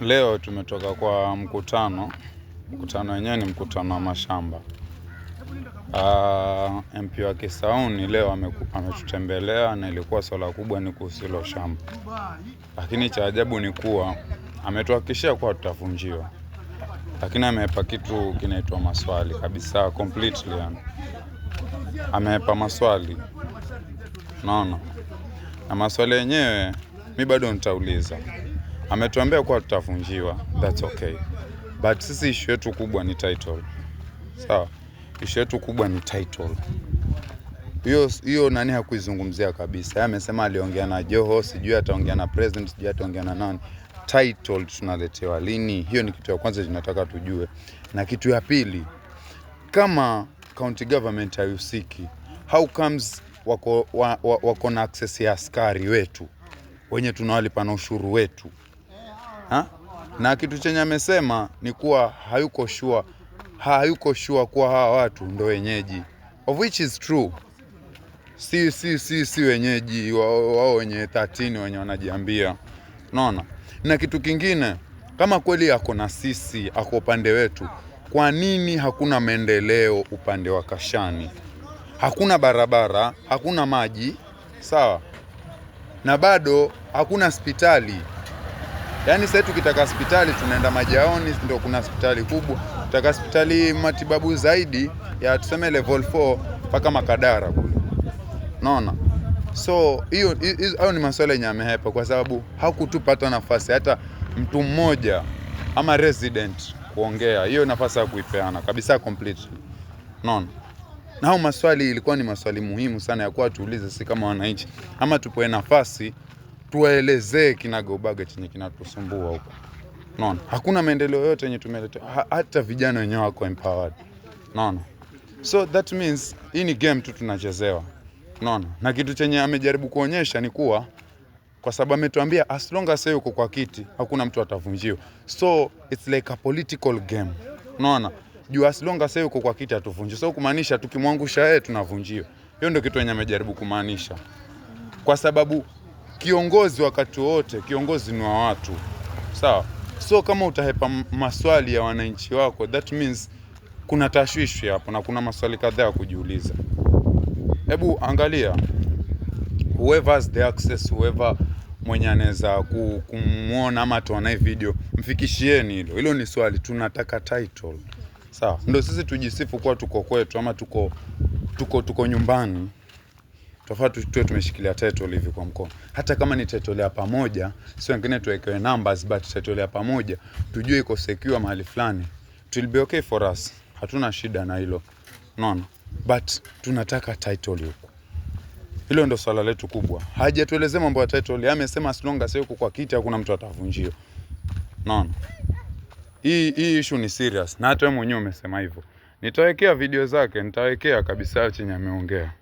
Leo tumetoka kwa mkutano. Mkutano wenyewe ni mkutano wa mashamba. Uh, ah, MP wa Kisauni leo ametutembelea na ilikuwa swala kubwa ni kuhusu hilo shamba, lakini cha ajabu ni kuwa ametuhakikishia kuwa tutavunjiwa, lakini ameepa kitu kinaitwa maswali kabisa completely, yani ameepa maswali, naona na maswali yenyewe mi bado nitauliza ametuambia kuwa tutavunjiwa, that's okay, but sisi ishu yetu kubwa ni title, sawa? Ishu yetu kubwa ni title. Hiyo hiyo nani hakuizungumzia kabisa. Yeye amesema aliongea na Joho, sijui ataongea na president, sijui ataongea na nani. Title tunaletewa lini? Hiyo ni kitu ya kwanza tunataka tujue, na kitu ya pili, kama county government hayusiki, how comes wako, wa, wa, wako na access ya askari wetu wenye tunawalipa na ushuru wetu ha? Na kitu chenye amesema ni kuwa hayuko sure, hayuko sure kuwa hawa watu ndo wenyeji, of which is true. Si, si, si, si wenyeji wao wa wenye 13 wenye wanajiambia, unaona. Na kitu kingine, kama kweli ako na sisi, ako upande wetu, kwa nini hakuna maendeleo upande wa Kashani? Hakuna barabara, hakuna maji, sawa, na bado hakuna hospitali. Yaani sasa tukitaka hospitali tunaenda Majaoni, ndio kuna hospitali kubwa. Tutaka hospitali matibabu zaidi ya tuseme level 4 mpaka Makadara kule, unaona. So hiyo hayo ni masuala yenye amehepa, kwa sababu hakutupata nafasi hata mtu mmoja ama resident kuongea. Hiyo nafasi ya kuipeana kabisa completely, unaona. Na hao maswali ilikuwa ni maswali muhimu sana ya kuwa tuulize sisi kama wananchi, ama tupoe nafasi tuwaelezee kinagaubaga chenye kinatusumbua huko. Naona hakuna maendeleo yote yenye tumeleta, hata vijana wenyewe wako empowered. Naona so that means hii ni game tu tunachezewa. Naona na kitu chenye amejaribu kuonyesha ni kuwa kwa sababu ametuambia as long as yuko kwa kiti hakuna mtu atavunjiwa, so it's like a political game. Unaona, juu as long as yuko kwa kiti atuvunjiwe, so kumaanisha tukimwangusha yeye tunavunjiwa. Hiyo ndio kitu yenye amejaribu kumaanisha kwa sababu kiongozi wakati wote, kiongozi ni wa watu, sawa? So kama utahepa maswali ya wananchi wako, that means kuna tashwishi hapo na kuna maswali kadhaa ya kujiuliza. Hebu angalia whoever has the access, whoever mwenye anaweza kumwona ama tuanaye video, mfikishieni hilo hilo. Ni swali tunataka title, sawa? Ndio sisi tujisifu kuwa tuko kwetu ama tuko tuko tuko nyumbani tofauti tuwe tumeshikilia title hivi kwa mkono, hata kama ni title ya pamoja, sio wengine tuwekewe numbers, but title ya pamoja tujue iko secure mahali fulani, it will be okay for us. Hatuna shida na hilo, unaona, but tunataka title huko. Hilo ndo swala letu kubwa. Hajatuelezea mambo ya title, amesema as long as yuko kwa kiti hakuna mtu atavunjio. Unaona, hii hii issue ni serious, na hata wewe mwenyewe umesema hivyo. Nitawekea video zake, nitawekea kabisa chenye ameongea.